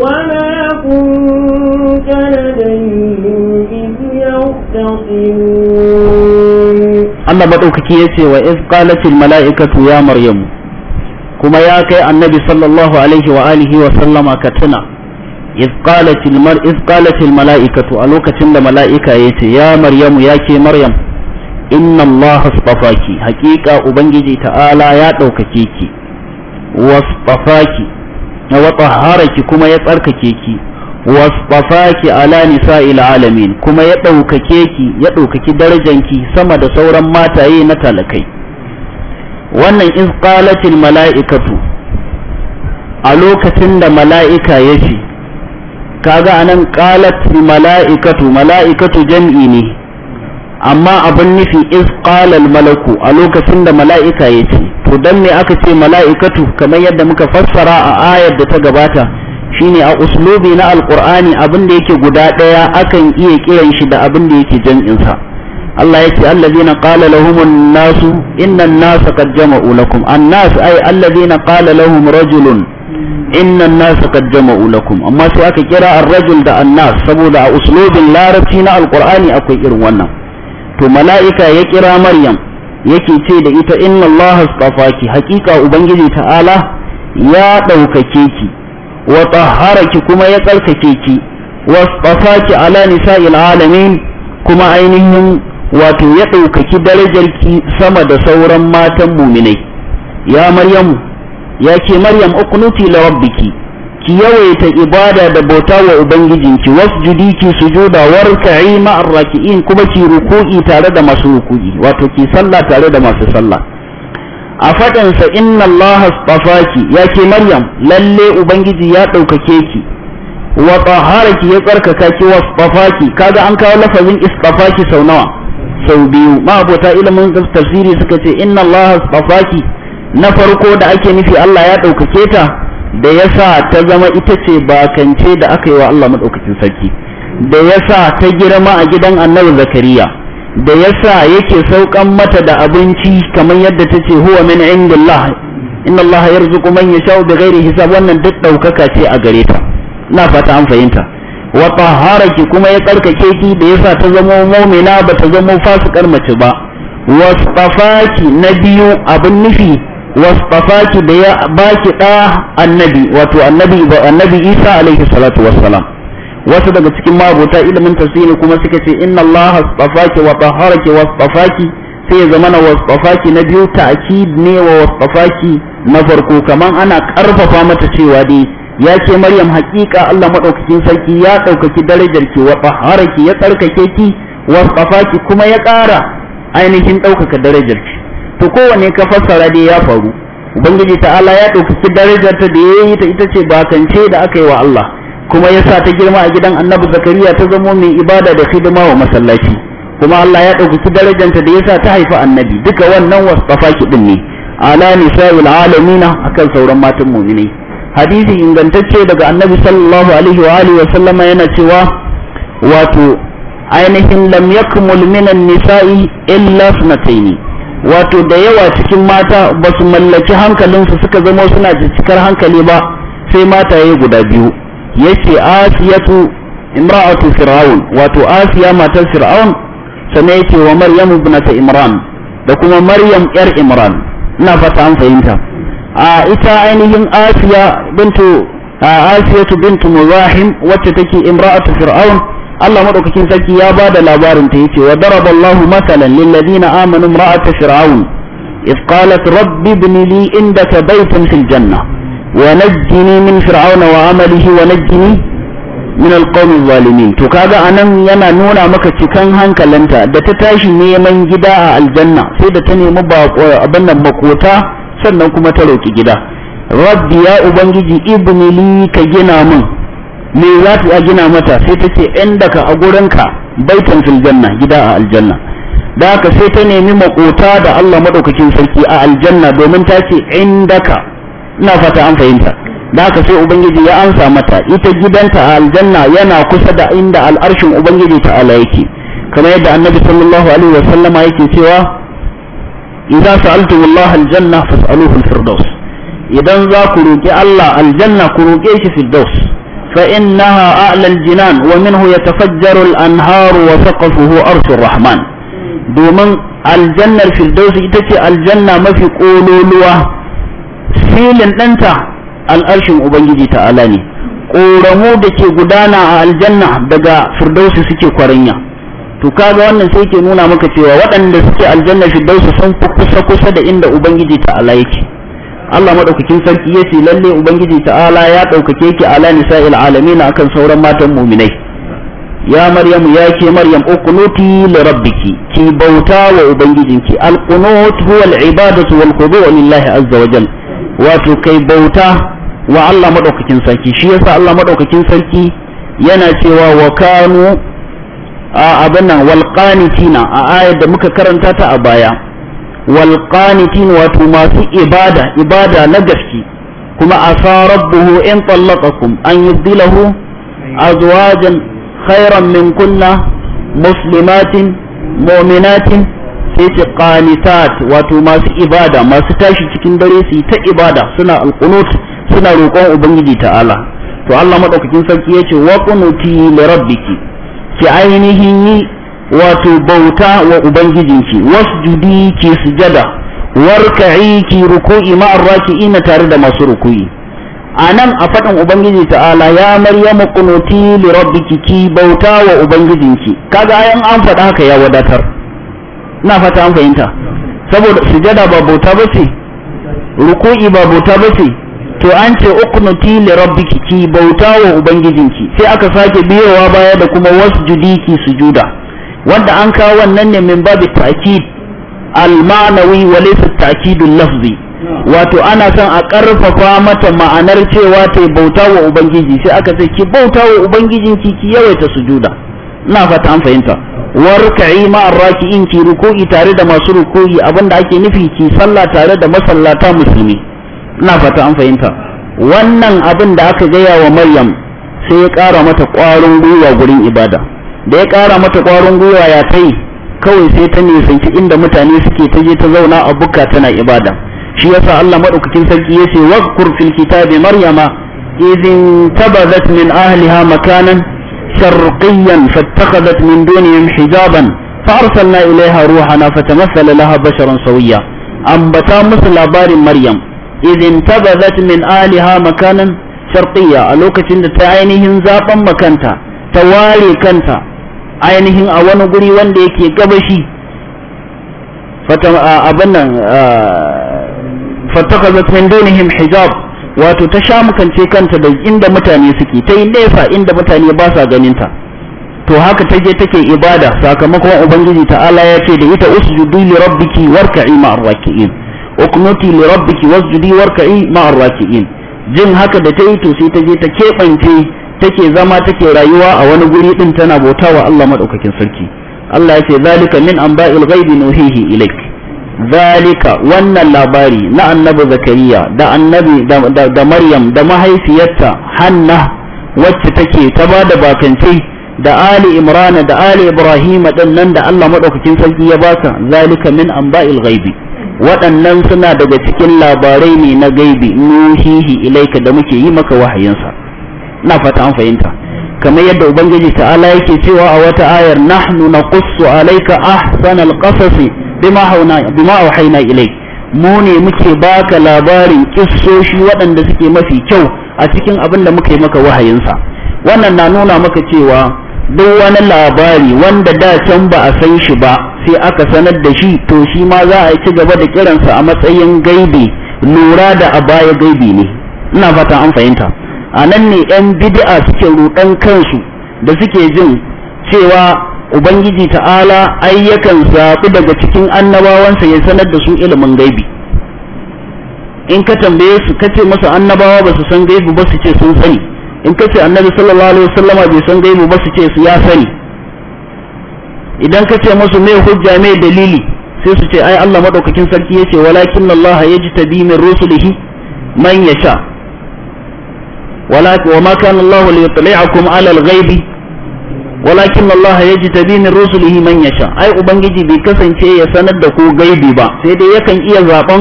وما كنت لديهم إذ يختصمون Allah maɗaukaki ya ce wa iz qalatil mala'ikatu ya maryam kuma ya kai annabi sallallahu alaihi wa alihi wa sallama ka tuna iz qalatil mala'ikatu a lokacin da mala'ika yace ya maryam yake maryam inna Allah asfafaki haƙiƙa ubangiji ta'ala ya ɗaukake ki wasfafaki wa haraki kuma ya tsarkake ki wasfafaki ala nisa'il alamin kuma ya ɗaukake ki ya ɗaukaki darajanki sama da sauran mataye na talakai wannan iz qalatil mala'ikatu a lokacin da mala'ika ya ce kaga anan qalatil mala'ikatu mala'ikatu jam'i ne amma abin nufi is qalal malaku a lokacin da mala'ika ya ce to dan me aka ce mala'ikatu kamar yadda muka fassara a ayar da ta gabata shine a uslubi na alqur'ani abin da yake guda daya akan iya kiran shi da abin da yake jam'in sa Allah ya ce allazina qala lahumun nasu innan nasa qad jama'u lakum annas ay allazina qala lahum rajulun innan nasa qad jama'u lakum amma sai aka kira ar-rajul da anna saboda a uslubin larabci na alqur'ani akwai irin wannan to mala'ika ya kira maryam yake ce da ita inna allaha ki." hakika ubangiji ta'ala ya ɗaukake ki wa taharaki kuma ya tsarkake ki wa astafaki ala nisa'il alamin kuma ainihin wato ya ɗaukaki darajar ki sama da sauran matan muminai ya maryam ya ce maryam uqnuti ki yawaita ibada da bauta wa ubangijinki wasjudi ki sujuda warka'i ma'ar raki'in kuma ki ruku'i tare da masu ruku'i wato ki sallah tare da masu sallah a fadan sa inna Allah astafaki ya ke Maryam lalle ubangiji ya daukake ki wa taharaki ya tsarkaka ki wasfafaki kaga an kawo lafazin istafaki sau nawa sau biyu ma abota ilimin tafsiri suka ce inna Allah astafaki na farko da ake nufi Allah ya daukake ta da ya sa ta zama ita ce bakance da aka yi wa Allah maɗaukacin sarki da ya sa ta girma a gidan annabi zakariya da ya sa yake saukan mata da abinci kamar yadda ta ce huwa min indillah inna Allah yarzuqu man da bighairi hisab wannan duk ɗaukaka ce a gare ta na fata an fahimta wa taharaki kuma ya tsarkake ki da ya sa ta zama mu'mina ba ta zama fasikar mace ba wasfafaki na biyu abin nufi wasfafaki da ya baki ɗa annabi wato annabi annabi isa alaihi salatu wassalam wasu daga cikin mabuta ilimin tafsiri kuma suka ce inna allaha wasfafaki wa taharaki wasfafaki sai ya zama na wasfafaki na biyu ta'kid ne wa wasfafaki na farko kaman ana karfafa mata cewa dai ya ce maryam haƙiƙa allah madaukakin sarki ya ɗaukaki darajar ki wa taharaki ya tsarkake ki wasfafaki kuma ya ƙara ainihin ɗaukaka darajar ki to kowane ka fassara dai ya faru ubangiji ta'ala ya ɗaukaki darajar ta da ya yi ta ita ce bakance da aka yi wa Allah kuma ya sa ta girma a gidan annabi zakariya ta zamo mai ibada da hidima wa masallaci kuma Allah ya ɗaukaki darajar ta da ya sa ta haifi annabi duka wannan wasfafa din ne ala nisa'il alamina akan sauran matan mu'minai hadisi ingantacce daga annabi sallallahu alaihi wa alihi wa sallama yana cewa wato ainihin lam yakmul minan nisa'i illa sunataini wato da yawa cikin mata ba su mallaki hankalinsu suka zama suna cikar hankali ba sai mata ya guda biyu ce asiyatu imra'atu fir'aun wato asiya matar fir'aun ya yace wa maryam ibnata imran da kuma maryam yar imran ina fata an fahimta a ita ainihin asiya bintu asiyatu bintu muzahim wacce take imra'atu fir'aun Allah madaukakin sarki ya ba da labarin ta yace cewa, daraballahu masalan lil ladina amanu ra'at fir'aun إذ قالت رب ابن لي عندك بيتا في الجنة ونجني من فرعون وعمله ونجني من القوم الظالمين to kaga anan yana nuna maka cikan hankalinta da ta tashi neman gida a aljanna sai da ta nemi abin nan makota sannan kuma ta roki gida rabbi ya ubangiji Ibnili ka gina mun. me za ta ya gina mata sai ta ce inda ka a gurinka baitan filjanna gida a aljanna da haka sai ta nemi makota da Allah madaukakin sarki a aljanna domin ta ce inda ka ina fata an fahimta da haka sai ubangiji ya amsa mata ita gidanta a aljanna yana kusa da inda al'arshin ubangiji ta yake kamar yadda annabi sallallahu alaihi wa sallama yake cewa idza sa'altumullaha aljanna fas'aluhu firdaus idan za ku roki Allah aljanna ku roke shi firdaus فإنها أعلى الجنان ومنه يتفجر الأنهار وسقفه أرش الرحمن دومن الجنة الفردوس إتتي الجنة ما في قولولوة سيلن أنت الأرش أبنجي تعالاني ƙoramu da ke gudana a aljanna daga firdausi suke kwaranya to kaga wannan sai ke nuna maka cewa waɗanda suke aljannar firdausi sun fi kusa kusa da inda ubangiji ta'ala yake Allah madaukakin sarki yace lalle ubangiji ta'ala ya daukake ki ala nisa'il alamin akan sauran matan mu'minai ya maryam ya ce maryam uqnuti li rabbiki ki bauta wa ubangijinki alqunut huwa alibadatu wal khudu' lillahi azza wa jal wato kai bauta wa Allah madaukakin sarki shi yasa Allah madaukakin sarki yana cewa wa kanu a abin nan a ayar da muka karanta ta a baya wal qanitin wato masu ibada ibada na gaske kuma asa rabbuhu in tallaqakum an yubdilahu azwajan khairan min kunna muslimatin mu'minatin sai ce qanitat wato masu ibada masu tashi cikin dare su ta ibada suna alqunut suna roƙon ubangiji ta'ala to Allah madaukakin sarki yace wa qunuti li rabbiki ki ainihin yi wato bauta wa ubangijinki wasjudi ki sujada warka'i ki ruku'i ma'ar raki'ina tare da masu ruku'i anan a faɗin ubangiji ta'ala ya maryamu qunuti li rabbiki ki bauta wa ubangijinki kaga ayan an faɗa haka ya wadatar ina fata an fahimta saboda sujada ba bauta bace ruku'i ba bauta bace to an ce uqnuti li rabbiki ki bauta wa ubangijinki sai aka sake biyowa baya da kuma wasjudi ki sujuda wanda an kawo wannan ne min babu ta'kid al-ma'nawi wa laysa al lafzi wato ana son a karfafa mata ma'anar cewa ta bauta wa ubangiji sai aka ce ki bauta wa ubangijin ki ki yawaita sujuda ina fata an fahimta warka'i ma'ar raki'in ki ruku'i tare da masu ruku'i abinda ake nufi ki sallah tare da masallata musulmi ina fata an fahimta wannan abin da aka gaya wa maryam sai ya ƙara mata ƙwarin gwiwa gurin ibada da ya kara mata kwarin gwiwa ya kai kawai sai ta nisanci inda mutane suke ta je ta zauna a bukka tana ibada shi yasa Allah madaukakin sarki ya ce wa kurfin kitabi maryama idin tabazat min ahliha makanan sharqiyan fattakhadhat min dunihim hijaban fa arsalna ilayha ruhana fatamassala laha basharan sawiya ambata musu labarin maryam idin tabazat min ahliha makanan sharqiya a lokacin da ta ainihin zaben makanta ta ware kanta ainihin a wani guri wanda yake gabashi abinnan nan fattakazat min dunihim hijab wato ta sha mukance kanta da inda mutane suke ta yi nefa inda mutane ba sa ganinta to haka ta je take ibada sakamakon ubangiji ta'ala ya ce da ita usjudu li rabbiki warka'i ma'ar raki'in uknuti li rabbiki wasjudi warka'i ma'ar raki'in jin haka da ta yi to sai ta je ta keɓance take zama take rayuwa a wani guri din tana wa Allah madaukakin sarki Allah yace zalika min anba'il ghaibi nuhihi ilaik zalika wannan labari na annabi zakariya da annabi da, maryam da mahaifiyarta hanna wacce take ta ba da bakance da ali imrana da ali ibrahima din nan da Allah madaukakin sarki ya baka zalika min anba'il ghaibi waɗannan suna daga cikin labarai ne na gaibi nuhihi ilaika da muke yi maka wahayinsa na fata an fahimta kamar yadda ubangiji ta'ala yake cewa a wata ayar nahnu naqussu alayka ahsanal qasasi bima hauna bima auhayna ilai mu ne muke baka labarin kissoshi waɗanda suke mafi kyau a cikin abin da muka yi maka wahayinsa wannan na nuna maka cewa duk wani labari wanda da can ba a san shi ba sai aka sanar da shi to shi ma za a ci gaba da kiransa a matsayin gaibi lura da a baya gaibi ne ina fata an fahimta a nan ne yan bid'a suke rudan kansu da suke jin cewa ubangiji ta'ala ai yakan zaɓi daga cikin annabawansa ya sanar da su ilimin gaibi in ka tambaye su kace masa annabawa ba su san gaibi ba su ce sun sani in kace annabi sallallahu alaihi sallama bai san gaibi ba su ce su ya sani idan kace musu me hujja me dalili sai su ce ai Allah madaukakin sarki yace walakin Allah yajtabi min rusulihi man yasha ولكن وما كان الله ليطلعكم على الغيب ولكن الله يجتبي من رسله من يشاء اي ubangiji bai kasance ya sanar da ku gaibi ba sai dai yakan iya zaben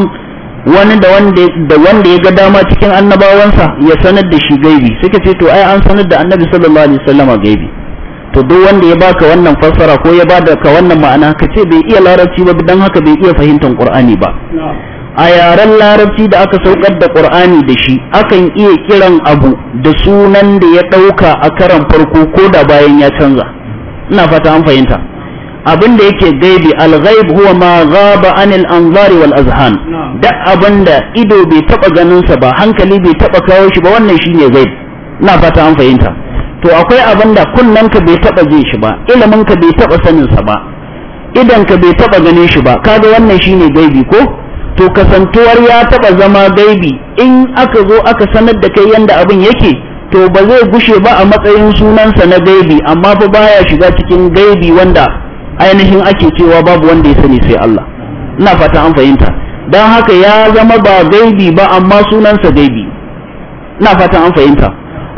wani da wanda da wanda ya ga dama cikin annabawansa ya sanar da shi gaibi suka ce to ai an sanar da annabi sallallahu alaihi wasallam gaibi to duk wanda ya baka wannan fassara ko ya bada ka wannan ma'ana ka ce bai iya larabci ba dan haka bai iya fahimtar qur'ani ba a yaren larabci da aka saukar da qur'ani da shi akan iya kiran abu da sunan da ya ɗauka a karan farko ko da bayan ya canza ina fata an fahimta abin da yake gaibi al al-ghaib huwa ma ghaba anil anzari wal azhan duk abin da ido bai taba ganin sa ba hankali bai taba kawo shi ba wannan shine gaib ina fata an fahimta to akwai abin da kunnanka bai taba ji shi ba ilimin ka bai taba sanin sa ba idan ka bai taba ganin shi ba kaga wannan shine gaibi ko to kasantuwar ya taba zama gaibi in aka zo aka sanar da kai yanda abin yake to ba zai gushe ba a matsayin sunansa na gaibi amma fa baya shiga cikin gaibi wanda ainihin ake cewa babu wanda ya sani sai Allah ina fata an fahimta don haka ya zama ba gaibi ba amma sunansa gaibi ina fata an fahimta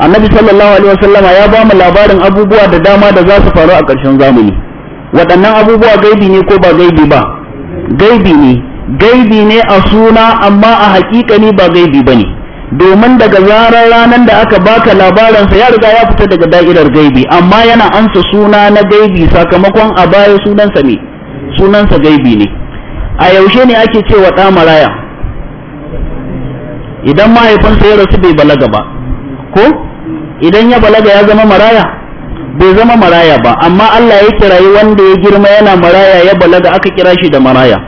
annabi sallallahu alaihi wasallama ya ba mu labarin abubuwa da dama da za su faru a ƙarshen zamani waɗannan abubuwa gaibi ne ko ba gaibi ba gaibi ne gaibi ne a suna amma a hakikani ba gaibi ba ne domin daga zarar ranar da aka baka labaransa ya riga ya fita daga da'irar gaibi amma yana ansa suna na gaibi sakamakon a baya sunansa ne sunansa gaibi ne a yaushe ne ake cewa ɗa maraya idan mahaifinsa ya rasu bai balaga ba ko idan ya balaga ya zama maraya bai zama maraya ba amma Allah ya kirayi wanda ya girma yana maraya ya balaga aka kira shi da maraya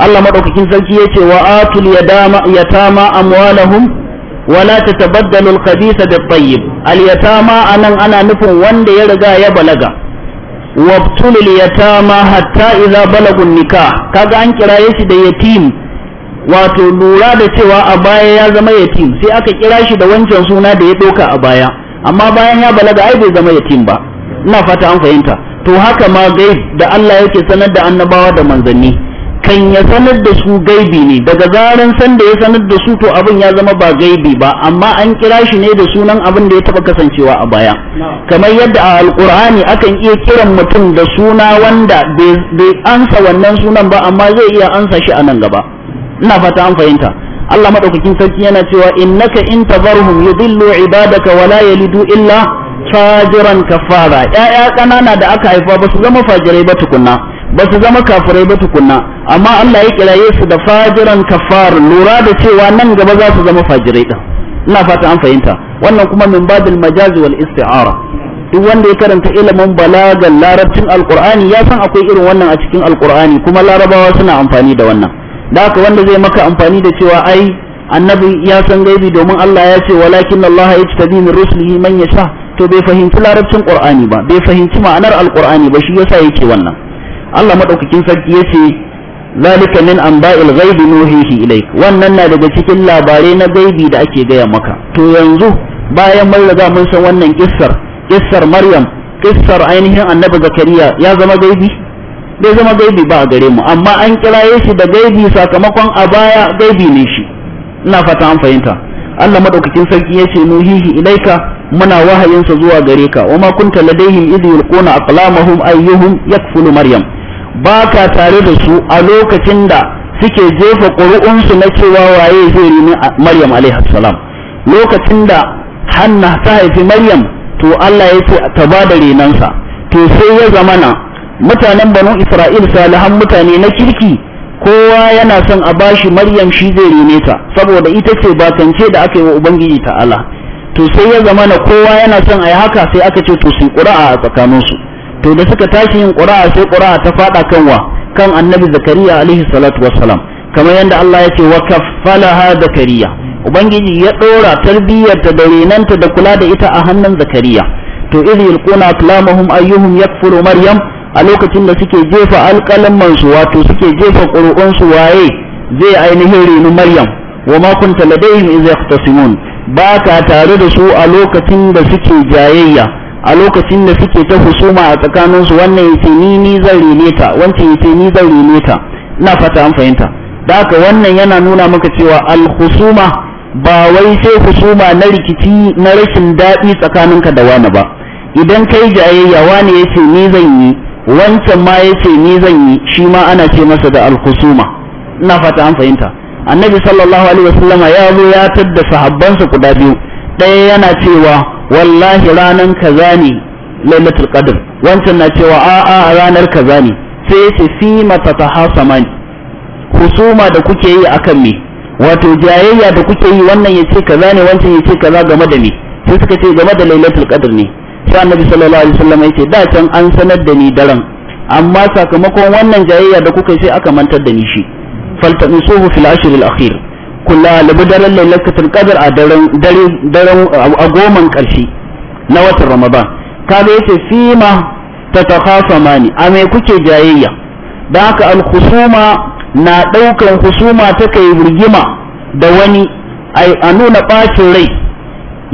Allah madaukakin sarki yace wa atul yadama yatama amwalahum wala tatabaddalu al-khabitha a tayyib al-yatama anan ana nufin wanda ya riga ya balaga Wa wabtulul yatama hatta idza balagu nikah kaga an kiraye shi da yatim wato lura da cewa a baya ya zama yatim sai aka kira shi da wancan suna da ya doka a baya amma bayan ya balaga ai bai zama yatim ba ina fata an fahimta to haka ma gaib da Allah yake sanar da annabawa da manzanni kan ya sanar da su gaibi ne daga zaran sanda ya sanar da su to abin ya zama ba gaibi ba amma an kira shi ne da sunan abin da ya taba kasancewa a baya kamar yadda a alkur'ani akan iya kiran mutum da suna wanda bai ansa wannan sunan ba amma zai iya ansa shi a nan gaba ina fata an fahimta Allah madaukakin sarki yana cewa innaka in tabarhum yudillu ibadaka wala yalidu illa fajiran kafara ƴaƴa ƙanana da aka haifa ba su zama fajirai ba tukunna ba su zama kafirai ba tukunna amma Allah ya kiraye su da fajiran kafar lura da cewa nan gaba za su zama fajirai din ina fata an fahimta wannan kuma min babil majazi wal isti'ara duk wanda ya karanta ilimin balagan larabcin alqur'ani ya san akwai irin wannan a cikin alqur'ani kuma larabawa suna amfani da wannan da haka wanda zai maka amfani da cewa ai annabi ya san gaibi domin Allah ya ce walakin Allah yajtabi min rusulihi man yasha to bai fahimci larabcin qur'ani ba bai fahimci ma'anar alqur'ani ba shi yasa yake wannan Allah madaukakin sarki yace zalika min anba'il ghaibi nuhihi ilaik wannan na daga cikin labarai na gaibi da ake gaya maka to yanzu bayan mun riga mun san wannan kissar kissar Maryam kissar ainihin Annabi Zakariya ya zama gaibi bai zama gaibi ba a gare mu amma an ya shi da gaibi sakamakon a baya gaibi ne shi ina fata an fahimta Allah madaukakin sarki yace nuhihi ilaika muna wahayin sa zuwa gare ka wama kunta ladaihim idh yulquna aqlamahum ayyuhum yakfulu maryam ba ka tare da su a lokacin da suke jefa ƙuri'unsu na cewa waye zai rimi maryam alaihi salam lokacin da hanna ta haifi maryam to allah ya ce ta ba da renansa to sai ya zamana mutanen banu isra'il salihan mutane na kirki kowa yana son a bashi maryam shi zai rene ta saboda ita ce batance da aka yi wa ubangiji ta'ala to sai ya zamana kowa yana son a yi haka sai aka ce to su ƙura'a a tsakaninsu to da suka tashi yin ƙura'a sai ƙura'a ta faɗa kan wa kan annabi zakariya alaihi salatu wassalam kamar yadda Allah ya ce wa kaffalaha zakariya ubangiji ya ɗora tarbiyyarta da renanta da kula da ita a hannun zakariya to idh yulquna kalamahum ayyuhum yakfuru maryam a lokacin da suke jefa alƙalamman su wato suke jefa ƙuri'un su waye zai ainihin renu maryam wa ma kunta ladayhim idh yaqtasimun ba tare da su a lokacin da suke jayayya a lokacin da suke ta husuma a tsakaninsu wannan yace ni ni zan rene ta wancan yace ni zan rene ta ina fata an fahimta da haka wannan yana nuna maka cewa al-husuma ba wai sai husuma na rikici na rashin daɗi tsakaninka da wani ba idan kai jayayya wani yace ni zan yi wancan ma yace ni zan yi shi ma ana ce masa da al-husuma ina fata an fahimta annabi sallallahu alaihi wasallama ya zo ya tadda sahabbansa guda biyu ɗaya yana cewa wallahi ranar kaza ne lailatul qadr wancan na cewa a'a ranar kaza ne sai yace fi ta matatahasaman husuma da kuke yi akan me wato jayayya da kuke yi wannan yace kaza ne wancan ya ce kaza game da me sai suka ce game da lailatul qadr ne sai annabi sallallahu alaihi wasallam ce da can an sanar da ni daren amma sakamakon wannan jayayya da kuka sai aka mantar da ni shi faltamisuhu fil ashr al akhir ku lalubi daren lailatul qadr a daren daren a goman karshe na watan ramadan kaga yace fima tatakasamani a me kuke jayayya da haka al khusuma na daukan husuma ta kai rigima da wani a nuna bacin rai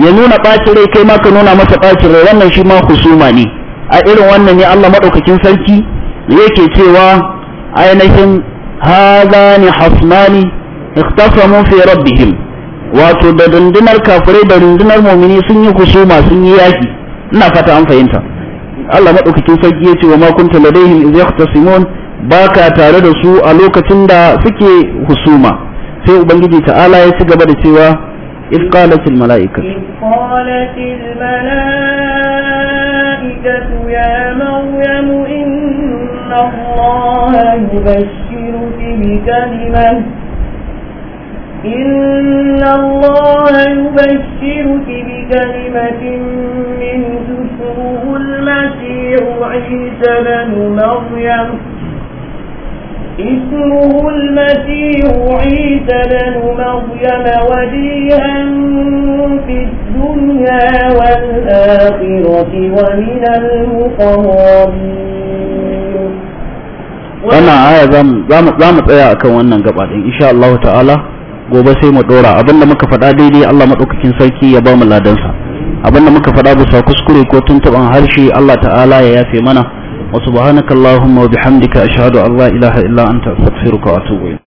ya nuna bacin rai kai ma ka nuna masa bacin rai wannan shi ma husuma ne a irin wannan ne Allah madaukakin sarki yake cewa ainihin hadani hasmani اختصموا في ربهم wato da rundunar kafirai da rundunar mumini sun yi kusuma sun yi yaki ina fata an fahimta Allah madaukakin sarki yace wa ma kunta ladaihim idh yaqtasimun baka tare da su a lokacin da suke husuma sai ubangiji ta'ala ya ci gaba da cewa idh qalat al malaika qalat al malaikatu ya maryam inna allaha yubashshiruki bi kalimati إن الله يبشرك بكلمة من اسمه المسيح عيسى بن مريم اسمه المسيح عيسى بن مريم وجيها في الدنيا والآخرة ومن المقربين أنا هذا za mu tsaya akan wannan gaba din insha Allah gobe sai mu dora abinda muka faɗa daidai Allah madaukakin sarki ya ba mu ladansa abinda muka faɗa bisa kuskure ko tuntuban harshe Allah ta'ala ya yafe mana wa subhanakallahumma wa bihamdika ashhadu an la ilaha illa anta astaghfiruka wa atubu